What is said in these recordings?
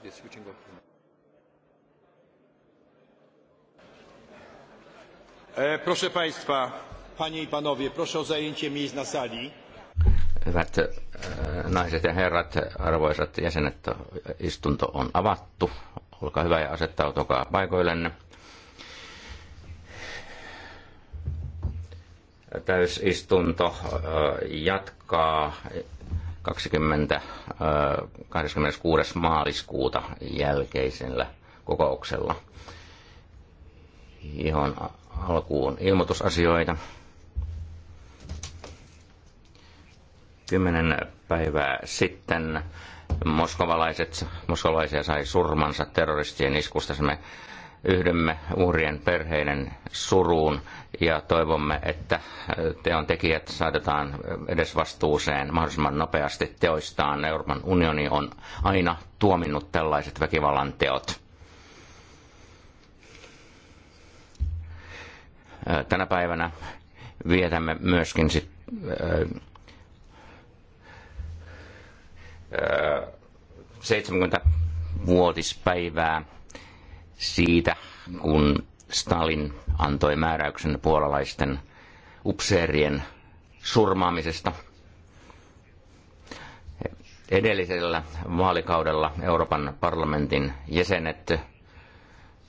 to be switching e, Proszę Państwa, Panie i Panowie, proszę o zajęcie miejsc na sali. Hyvät e, naiset ja herrat, arvoisat jäsenet, istunto on avattu. Olkaa hyvä ja asettautukaa paikoillenne. Täysistunto e, jatkaa 20, 26. maaliskuuta jälkeisellä kokouksella. Ihan alkuun ilmoitusasioita. Kymmenen päivää sitten moskovalaiset, moskovalaisia sai surmansa terroristien iskusta. Me Yhdymme uhrien perheiden suruun ja toivomme, että teon tekijät saatetaan edes vastuuseen mahdollisimman nopeasti teoistaan. Euroopan unioni on aina tuominnut tällaiset väkivallan teot. Tänä päivänä vietämme myöskin sit, äh, äh, 70-vuotispäivää siitä, kun Stalin antoi määräyksen puolalaisten upseerien surmaamisesta. Edellisellä vaalikaudella Euroopan parlamentin jäsenet,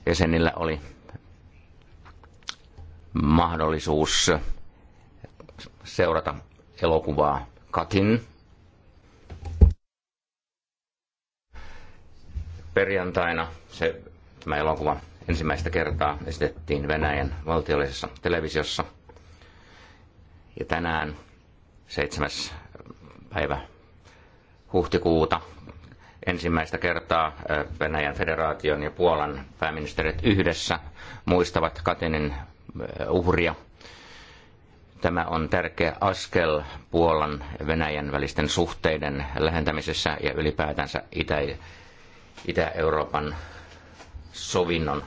jäsenillä oli mahdollisuus seurata elokuvaa Katin. Perjantaina se Tämä elokuva ensimmäistä kertaa esitettiin Venäjän valtiollisessa televisiossa. Ja tänään 7. päivä huhtikuuta ensimmäistä kertaa Venäjän federaation ja Puolan pääministerit yhdessä muistavat Katinin uhria. Tämä on tärkeä askel Puolan ja Venäjän välisten suhteiden lähentämisessä ja ylipäätänsä Itä- Itä-Euroopan sovinnon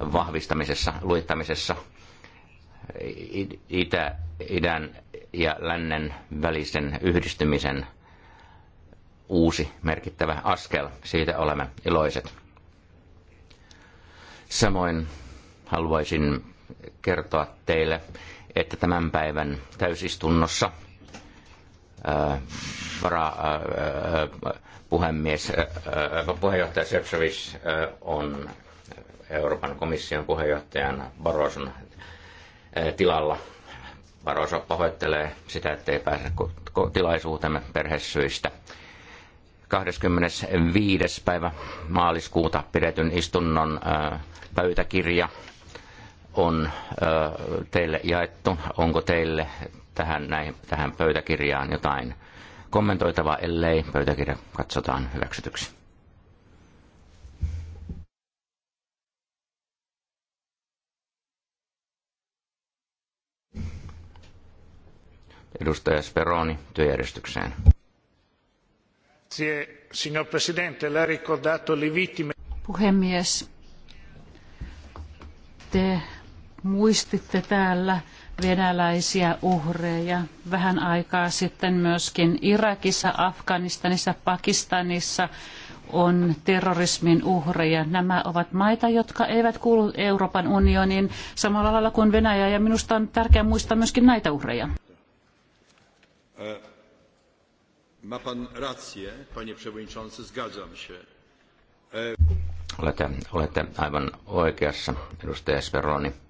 vahvistamisessa, luittamisessa itä, idän ja lännen välisen yhdistymisen uusi merkittävä askel. Siitä olemme iloiset. Samoin haluaisin kertoa teille, että tämän päivän täysistunnossa – varapuhemies, äh, äh, äh, puheenjohtaja Sepsovic on Euroopan komission puheenjohtajan Baroson tilalla. Baroso pahoittelee sitä, ettei pääse tilaisuutemme perhesyistä. 25. päivä maaliskuuta pidetyn istunnon pöytäkirja on teille jaettu. Onko teille tähän, näihin, tähän pöytäkirjaan jotain kommentoitavaa, ellei pöytäkirja katsotaan hyväksytyksi. Edustaja Speroni työjärjestykseen. Signor Presidente, Puhemies, te muistitte täällä venäläisiä uhreja. Vähän aikaa sitten myöskin Irakissa, Afganistanissa, Pakistanissa on terrorismin uhreja. Nämä ovat maita, jotka eivät kuulu Euroopan unioniin samalla lailla kuin Venäjä, ja minusta on tärkeää muistaa myöskin näitä uhreja. E, ma pan rację, panie przewodniczący, zgadzam się. E, olette, olette aivan oikeassa, edustaja Speroni